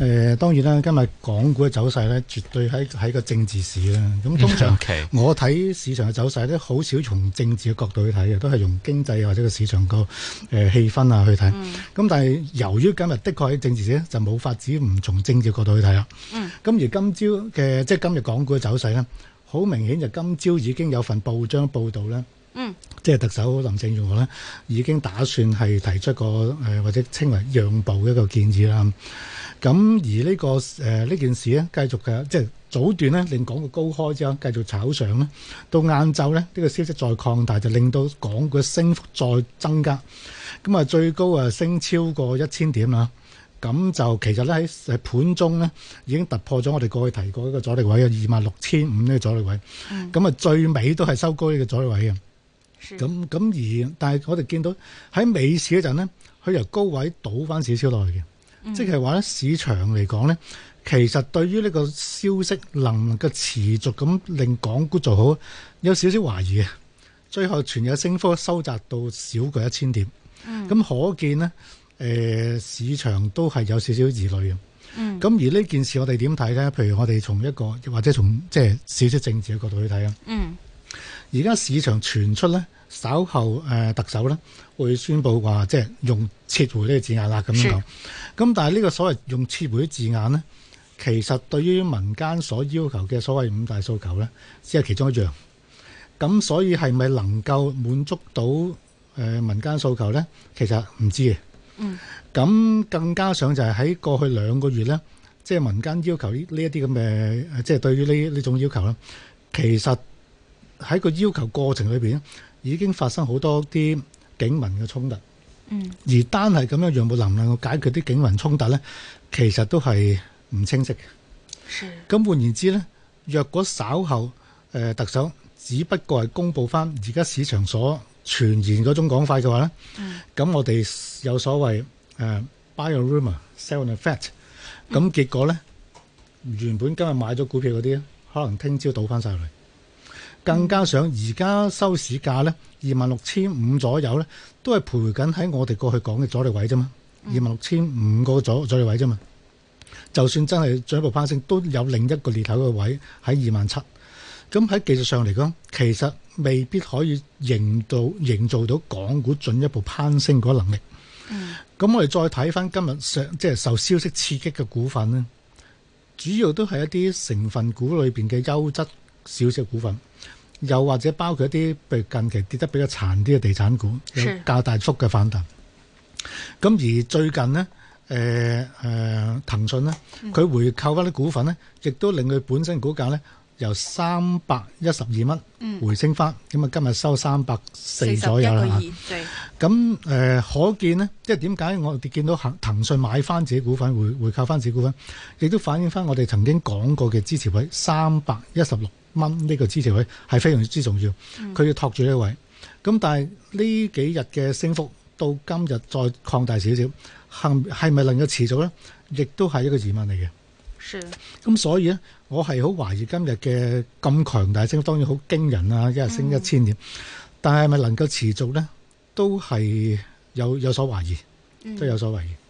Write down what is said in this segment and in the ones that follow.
誒、呃、當然啦，今日港股嘅走勢咧，絕對喺喺個政治市啦。咁通常我睇市場嘅走勢咧，好少從政治嘅角度去睇嘅，都係用經濟或者個市場個誒氣氛啊去睇。咁但係由於今日的確喺政治市咧，就冇法子唔從政治角度去睇啦。嗯。咁而今朝嘅即係今日港股嘅走勢咧，好明顯就今朝已經有份報章報導咧，嗯，即係特首林鄭月娥咧已經打算係提出個誒、呃、或者稱為讓步嘅一個建議啦。咁而呢、這個誒呢、呃、件事咧，繼續嘅即係早段咧令港股高開之後繼續炒上咧，到晏晝咧呢、這個消息再擴大，就令到港股升幅再增加。咁、嗯、啊，最高啊升超過一千點啦。咁、嗯、就其實咧喺盤中咧已經突破咗我哋過去提過一個阻力位有二萬六千五呢個阻力位。咁啊、嗯、最尾都係收高呢個阻力位嘅。咁咁是、嗯、而但係我哋見到喺尾市嗰陣咧，佢由高位倒翻少少落去嘅。嗯、即係話咧，市場嚟講咧，其實對於呢個消息能夠持續咁令港股做好，有少少懷疑嘅。最後全日升幅收窄到少過一千點，咁、嗯、可見呢，呃、市場都係有少少疑慮嘅。咁、嗯、而呢件事我哋點睇咧？譬如我哋從一個或者從即係少少政治嘅角度去睇啊。而家、嗯、市場傳出咧。稍後誒、呃、特首咧會宣布話，即係用撤回呢個字眼啦。咁樣講咁，是但係呢個所謂用撤回啲字眼咧，其實對於民間所要求嘅所謂五大訴求咧，只係其中一樣。咁所以係咪能夠滿足到誒、呃、民間訴求咧？其實唔知嘅。嗯。咁更加上就係喺過去兩個月咧，即係民間要求呢一啲咁嘅，即係對於呢呢種要求啦，其實喺個要求過程裏邊。已經發生好多啲警民嘅衝突，嗯、而單係咁樣讓步能唔能夠去解決啲警民衝突咧，其實都係唔清晰嘅。咁的換言之咧，若果稍後誒、呃、特首只不過係公佈翻而家市場所傳言嗰種講法嘅話咧，咁、嗯、我哋有所謂誒、呃、buy a rumor, sell a fact，咁結果咧、嗯、原本今日買咗股票嗰啲，可能聽朝倒翻曬嚟。更加上而家收市價呢，二萬六千五左右呢，都係賠緊喺我哋過去講嘅阻力位啫嘛，二萬六千五個阻阻力位啫嘛。就算真係進一步攀升，都有另一個裂口嘅位喺二萬七。咁喺技術上嚟講，其實未必可以營到營造到港股進一步攀升嗰能力。咁、嗯、我哋再睇翻今日上即係受消息刺激嘅股份呢，主要都係一啲成分股裏邊嘅優質。少少股份，又或者包括一啲譬如近期跌得比較殘啲嘅地產股，有較大幅嘅反彈。咁是而最近呢，誒、呃、誒、呃、騰訊呢，佢回購嗰啲股份呢，亦都令佢本身股價呢，由三百一十二蚊回升翻，咁啊、嗯、今日收三百四左右啦咁、呃、可見呢，即係點解我哋見到騰訊買翻自己股份，回回購翻自己股份，亦都反映翻我哋曾經講過嘅支持位三百一十六蚊呢個支持位係非常之重要，佢、嗯、要托住呢位。咁但係呢幾日嘅升幅到今日再擴大少少，係係咪能夠持續咧？亦都係一個疑問嚟嘅。咁是所以呢，我係好懷疑今日嘅咁強大升，當然好驚人啊！一日升一千點，嗯、但係咪能夠持續呢？都係有有所懷疑，都有所懷疑。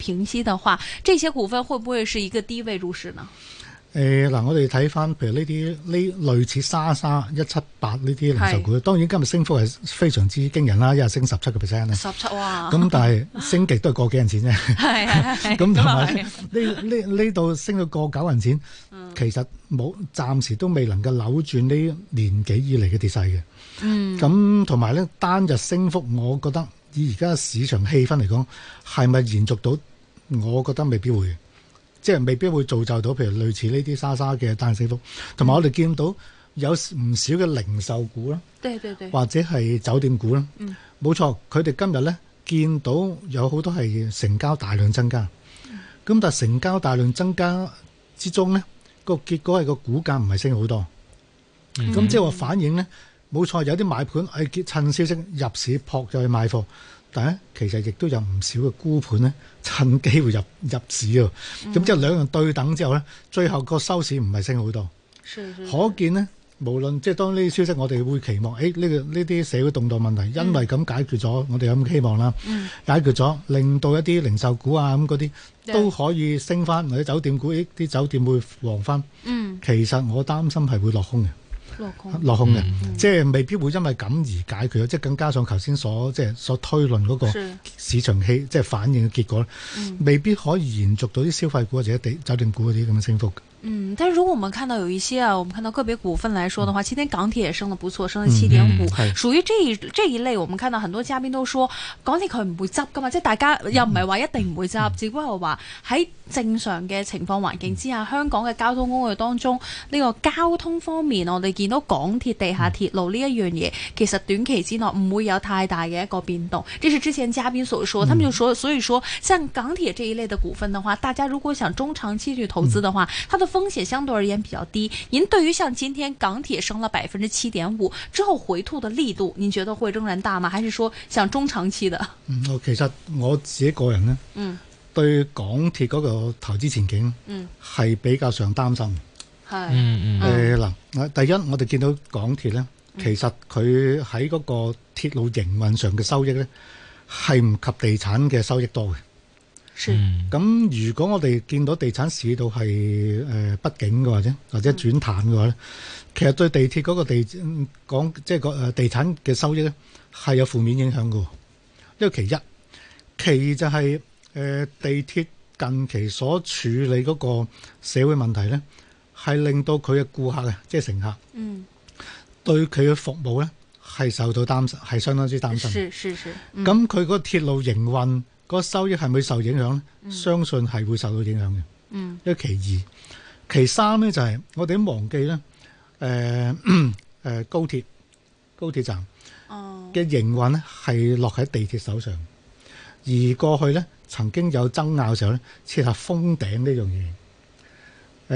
平息嘅話，這些股份會唔會是一個低位入市呢？誒嗱、呃，我哋睇翻，譬如呢啲呢類似莎莎一七八呢啲零售股，是當然今日升幅係非常之驚人啦，一係升十七個 percent 啊！十七哇！咁但係升極都係個幾銀錢啫。係咁，同埋呢呢呢度升到個九銀錢，嗯、其實冇暫時都未能夠扭轉呢年幾以嚟嘅跌勢嘅。嗯。咁同埋咧，單日升幅，我覺得以而家市場氣氛嚟講，係咪延續到？我覺得未必會，即係未必會造就到，譬如類似呢啲沙沙嘅單升幅。同埋我哋見到有唔少嘅零售股啦，對對對，或者係酒店股啦。冇、嗯、錯，佢哋今日咧見到有好多係成交大量增加。咁、嗯、但係成交大量增加之中咧，個結果係個股價唔係升好多。咁即係話反映咧，冇錯，有啲買盤係趁消息入市撲咗去買貨。但係其實亦都有唔少嘅沽盤咧，趁機會入入市喎。咁之後兩樣對等之後咧，最後個收市唔係升好多，可見咧無論即係當呢啲消息，我哋會期望，誒呢個呢啲社會動盪問題因為咁解決咗，我哋有咁希望啦。解決咗，令到一啲零售股啊咁嗰啲都可以升翻，或者酒店股啲酒店會旺翻。嗯，其實我擔心係會落空嘅。落空嘅，落空嘅，即係未必會因為咁而解決，即係更加上頭先所即係所推論嗰個市場氣是即係反應嘅結果咧，嗯、未必可以延續到啲消費股或者地酒店股嗰啲咁嘅升幅。嗯，但係如果我們看到有一些啊，我們看到個別股份來說的話，今天港鐵也升得不錯，升到七點五，嗯、屬於這一這一類。我們看到很多嘉賓都說，港鐵佢唔會執㗎嘛，即係大家又唔係話一定唔會執，嗯、只不過話喺正常嘅情況環境之下，嗯、香港嘅交通工具當中呢、呢個交通方面，我哋見到港鐵地下鐵路呢一樣嘢，其實短期之內唔會有太大嘅一個變動。即是之前嘉賓所說，他們就說，所以說像港鐵這一類的股份的話，大家如果想中長期去投資的話，嗯、它都風險相對而言比較低。您對於像今天港鐵升了百分之七點五之後回吐的力度，您覺得會仍然大嗎？還是說像中長期的？嗯，其實我自己個人呢，嗯，對港鐵嗰個投資前景，嗯，係比較上擔心。係，嗯嗯。誒嗱、嗯呃，第一我哋見到港鐵呢，其實佢喺嗰個鐵路營運上嘅收益呢，係唔及地產嘅收益多嘅。是嗯，咁如果我哋見到地產市道係誒不景嘅話，或者轉淡嘅話咧，嗯、其實對地鐵嗰個地講，即、嗯就是、地產嘅收益咧，係有負面影響嘅。因為其一，其二就係、是呃、地鐵近期所處理嗰個社會問題咧，係令到佢嘅顧客啊，即、就、係、是、乘客，嗯、對佢嘅服務咧係受到擔心，係相當之擔心的是。是是是。咁佢嗰個鐵路營運。個收益係咪受影響咧？嗯、相信係會受到影響嘅。嗯、因為其二，其三咧就係我哋都忘記咧，誒、呃、誒、呃、高鐵高鐵站嘅營運咧係落喺地鐵手上，而過去咧曾經有爭拗嘅時候咧，設立封頂呢樣嘢。誒、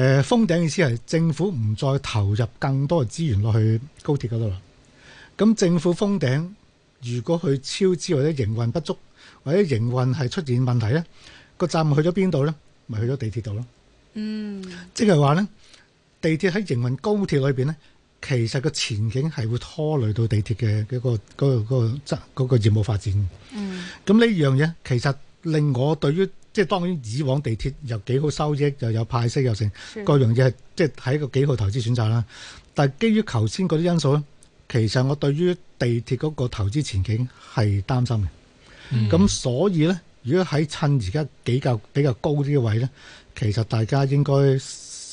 呃、封頂意思係政府唔再投入更多嘅資源落去高鐵嗰度啦。咁政府封頂，如果佢超支或者營運不足。或者營運係出現問題咧，個站去咗邊度咧？咪去咗地鐵度咯。嗯，即係話咧，地鐵喺營運高鐵裏面咧，其實個前景係會拖累到地鐵嘅一個、嗰個、嗰、嗰個嗰、嗰個嗰、嗰個、業務發展。嗯，咁呢樣嘢其實令我對於即係、即係、當然以往地鐵又幾好收益，又有，有派息，又成，的各樣嘢，即係係一個幾好投資選擇啦。但係基於頭先嗰啲因素咧，其實我對於地鐵嗰個投資前景係擔心嘅。咁、嗯、所以咧，如果喺趁而家比較比較高啲嘅位咧，其實大家應該。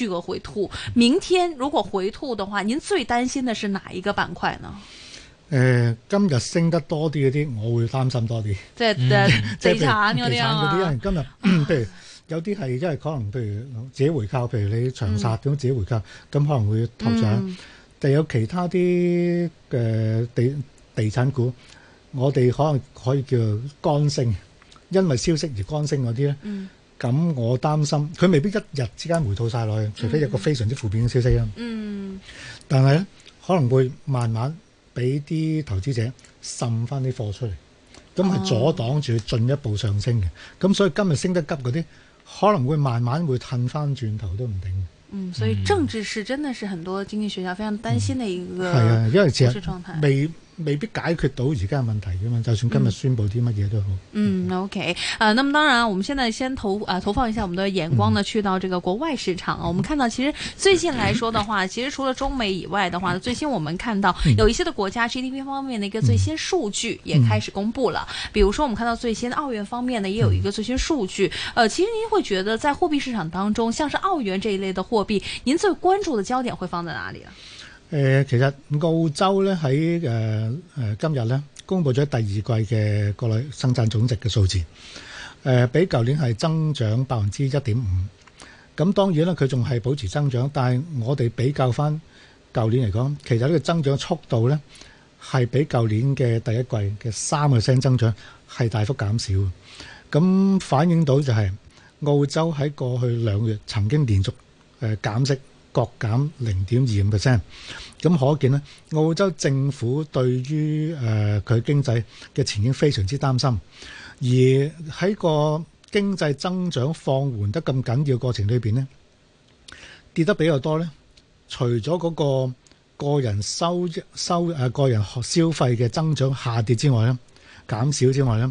巨額回吐，明天如果回吐嘅話，您最擔心的是哪一個板塊呢？誒、呃，今日升得多啲嗰啲，我會擔心多啲，嗯嗯、即係即係地產嗰啲啊。今日，譬如有啲係，因為可能譬，譬如自己回購，譬如你長殺咁、嗯、自己回購，咁可能會頭漲。嗯、就有其他啲嘅、呃、地地產股，我哋可能可以叫做乾升，因為消息而乾升嗰啲咧。嗯咁我擔心佢未必一日之間回吐晒落去，除非有一個非常之負面嘅消息啊、嗯。嗯，但係咧可能會慢慢俾啲投資者滲翻啲貨出嚟，咁係阻擋住進一步上升嘅。咁、啊、所以今日升得急嗰啲可能會慢慢會褪翻轉頭都唔定。嗯，所以政治是真的是很多經濟學家非常擔心的一個係、嗯嗯、啊，因為其實未未必解決到而家問題嘛，就算今日宣布啲乜嘢都好。嗯、嗯，OK，啊、呃，那麼當然，我們現在先投啊、呃、投放一下我們的眼光呢，去到這個國外市場。嗯、我們看到其實最近來說的話，嗯、其實除了中美以外的話，嗯、最新我們看到有一些的國家 GDP 方面的一個最新數據也開始公布了。嗯嗯、比如說，我們看到最新澳元方面呢，也有一個最新數據。嗯、呃，其實您會覺得在貨幣市場當中，像是澳元這一類的貨幣，您最關注的焦點會放在哪裡啊？誒，其實澳洲咧喺誒誒今日咧，公布咗第二季嘅國內生產總值嘅數字，誒比舊年係增長百分之一點五。咁當然咧，佢仲係保持增長，但係我哋比較返舊年嚟講，其實呢個增長速度咧係比舊年嘅第一季嘅三個 percent 增長係大幅減少嘅。咁反映到就係澳洲喺過去兩月曾經連續誒減息。各減零點二五 percent，咁可見咧，澳洲政府對於誒佢經濟嘅前景非常之擔心。而喺個經濟增長放緩得咁緊要過程裏邊咧，跌得比較多咧。除咗嗰個個人收收誒個人消費嘅增長下跌之外咧，減少之外咧，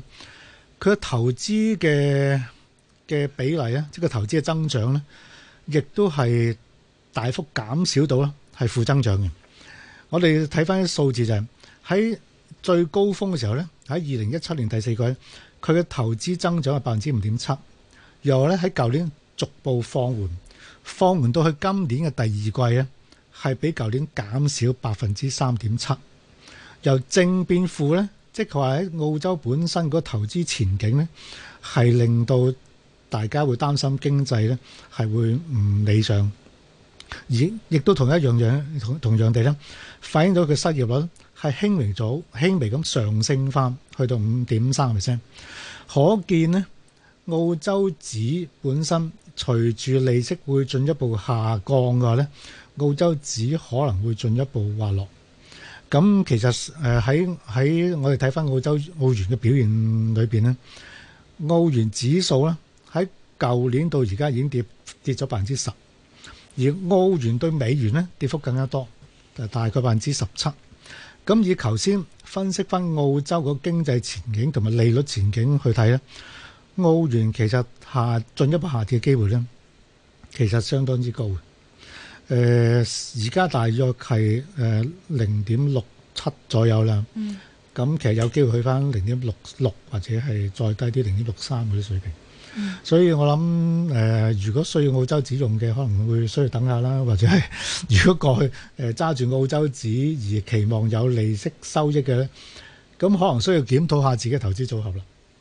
佢嘅投資嘅嘅比例咧，即係個投資嘅增長咧，亦都係，大幅減少到啦，係負增長嘅。我哋睇翻啲數字就係喺最高峰嘅時候咧，喺二零一七年第四季，佢嘅投資增長係百分之五點七。由咧喺舊年逐步放緩，放緩到去今年嘅第二季咧，係比舊年減少百分之三點七，由正變負咧，即係話喺澳洲本身個投資前景咧，係令到大家會擔心經濟咧係會唔理想。而亦都同一樣樣同同樣地咧，反映到佢失業率係輕微咗，輕微咁上升翻，去到五點三個 percent。可見呢，澳洲指本身隨住利息會進一步下降嘅話咧，澳洲紙可能會進一步滑落。咁其實呃、喺喺、我哋睇翻澳洲澳元嘅表現裏面呢，呢澳元指數咧喺舊年到而家已經跌跌咗百分之十。而澳元對美元咧跌幅更加多，大概百分之十七。咁以頭先分析翻澳洲個經濟前景同埋利率前景去睇咧，澳元其實下進一步下跌嘅機會咧，其實相當之高嘅。誒而家大約係誒零點六七左右啦。嗯。咁其實有機會去翻零點六六或者係再低啲零點六三嗰啲水平。所以我諗，誒、呃，如果需要澳洲紙用嘅，可能會需要等下啦，或者係如果過去誒揸、呃、住澳洲紙而期望有利息收益嘅咧，咁可能需要檢討下自己投資組合啦。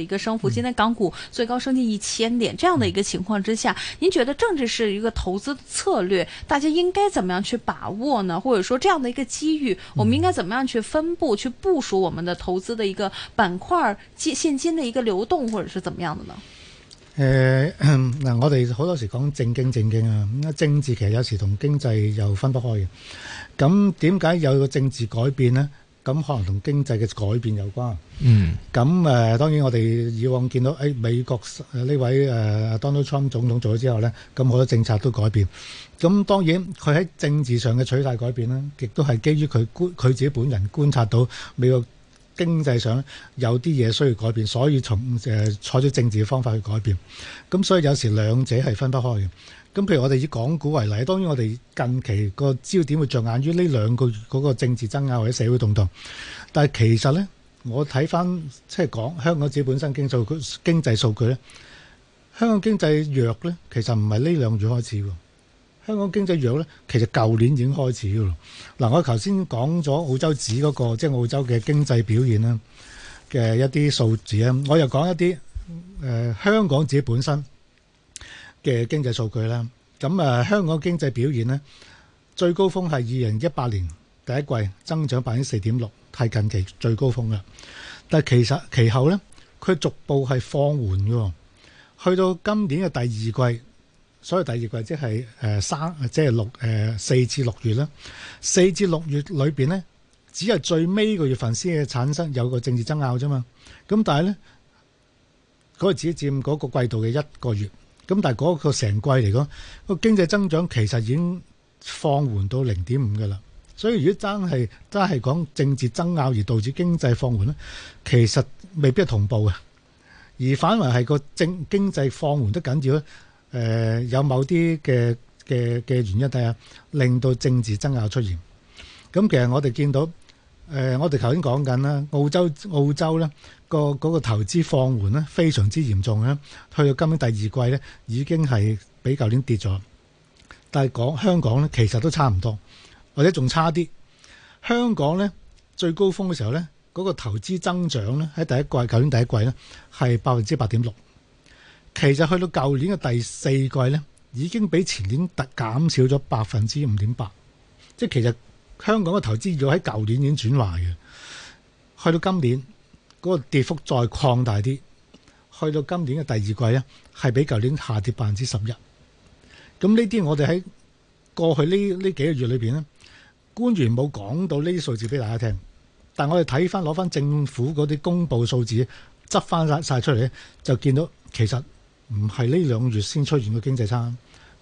一個升幅，今天港股最高升近一千點，嗯、這樣的一個情況之下，您覺得政治是一個投資策略，大家應該怎麼樣去把握呢？或者說這樣的一個機遇，我們應該怎麼樣去分布、去部署我們的投資的一個板塊、現金的一個流動，或者是怎麼樣的呢？誒、呃，嗱，我哋好多時講正經正經啊，咁啊政治其實有時同經濟又分不開嘅。咁點解有一個政治改變呢？咁可能同經濟嘅改變有關。嗯，咁誒當然我哋以往見到美國呢位誒 Donald Trump 總統做咗之後咧，咁好多政策都改變。咁當然佢喺政治上嘅取態改變呢，亦都係基於佢觀佢自己本人觀察到美國經濟上有啲嘢需要改變，所以從誒採取政治嘅方法去改變。咁所以有時兩者係分得開嘅。咁譬如我哋以港股為例，當然我哋近期個焦點會着眼於呢兩個嗰個政治爭拗或者社會動盪，但係其實呢，我睇翻即係講香港自己本身經濟數據、經濟數據呢，咧，香港經濟弱呢，其實唔係呢兩月開始喎。香港經濟弱呢，其實舊年已經開始噶啦。嗱，我頭先講咗澳洲指嗰、那個即係、就是、澳洲嘅經濟表現啦嘅一啲數字啊，我又講一啲誒、呃、香港自己本身。嘅經濟數據啦，咁啊，香港經濟表現咧最高峰係二零一八年第一季增長百分之四點六，係近期最高峰㗎。但係其實其後咧，佢逐步係放緩㗎喎。去到今年嘅第二季，所謂第二季即係誒三即係六誒四至六月啦。四至六月裏面咧，只係最尾個月份先至產生有個政治爭拗啫嘛。咁但係咧，嗰個只佔嗰個季度嘅一個月。咁但係嗰個成季嚟講，個經濟增長其實已經放緩到零點五嘅啦。所以如果真係真係講政治爭拗而導致經濟放緩咧，其實未必係同步嘅。而反為係個政經濟放緩得緊要咧、呃，有某啲嘅嘅嘅原因係令到政治爭拗出現。咁其實我哋見到。誒、呃，我哋頭先講緊啦，澳洲澳洲咧個嗰個投資放緩咧非常之嚴重咧，去到今年第二季咧已經係比舊年跌咗。但係講香港咧，其實都差唔多，或者仲差啲。香港咧最高峰嘅時候咧，嗰個投資增長咧喺第一季，舊年第一季咧係百分之八點六。其實去到舊年嘅第四季咧，已經比前年突減少咗百分之五點八，即係其實。香港嘅投資業喺舊年已經轉壞嘅，去到今年嗰個跌幅再擴大啲，去到今年嘅第二季咧，係比舊年下跌百分之十一。咁呢啲我哋喺過去呢呢幾個月裏邊咧，官員冇講到呢啲數字俾大家聽，但我哋睇翻攞翻政府嗰啲公佈數字，執翻晒出嚟咧，就見到其實唔係呢兩月先出現嘅經濟差，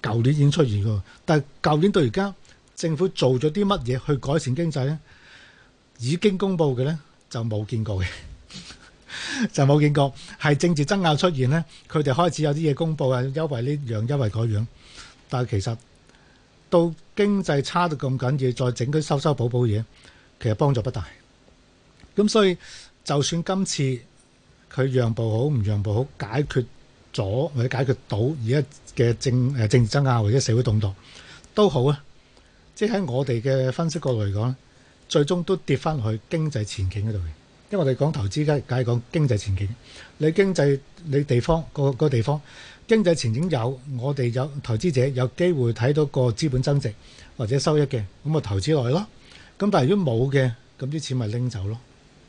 舊年已經出現過，但係舊年到而家。政府做咗啲乜嘢去改善經濟咧？已經公布嘅咧就冇見過嘅， 就冇見過。係政治爭拗出現咧，佢哋開始有啲嘢公布啊，優惠呢樣優惠嗰樣。但係其實到經濟差到咁緊要，再整佢修修補補嘢，其實幫助不大。咁所以就算今次佢讓步好唔讓步好，解決咗或者解決到而家嘅政誒政治爭拗或者社會動盪都好啊。即係我哋嘅分析角度嚟講，最終都跌翻去經濟前景嗰度嘅。因為我哋講投資，梗係講經濟前景。你經濟，你地方個個地方經濟前景有，我哋有投資者有機會睇到個資本增值或者收益嘅，咁咪投資落去咯。咁但係如果冇嘅，咁啲錢咪拎走咯。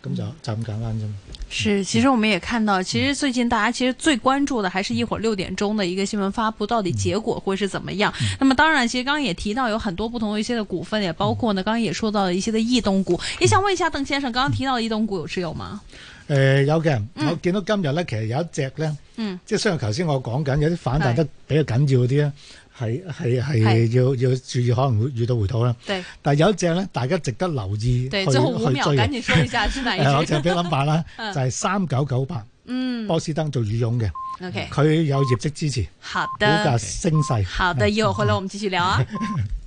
咁就就咁簡單啫嘛。是，其實我們也看到，其實最近大家其實最關注的，還是一會六點鐘的一個新聞發布，到底結果會是怎麼樣？那麼當然，其實剛剛也提到有很多不同一些的股份，也包括呢，剛剛也說到了一些的異動股。也想問一下鄧先生，剛剛提到的異動股有持有嗎？誒，有嘅，我見到今日呢，其實有一隻呢，嗯，即係雖然頭先我講緊有啲反彈得比較緊要啲咧。係係係，要要注意，可能會遇到回吐啦。對但係有一隻咧，大家值得留意，去對去緊說一下一。先誒， 我借俾諗法啦，就係三九九八。嗯，波司登做羽絨嘅，OK，佢有業績支持。好的，股價升勢。好的，以後回來我們繼續聊，啊。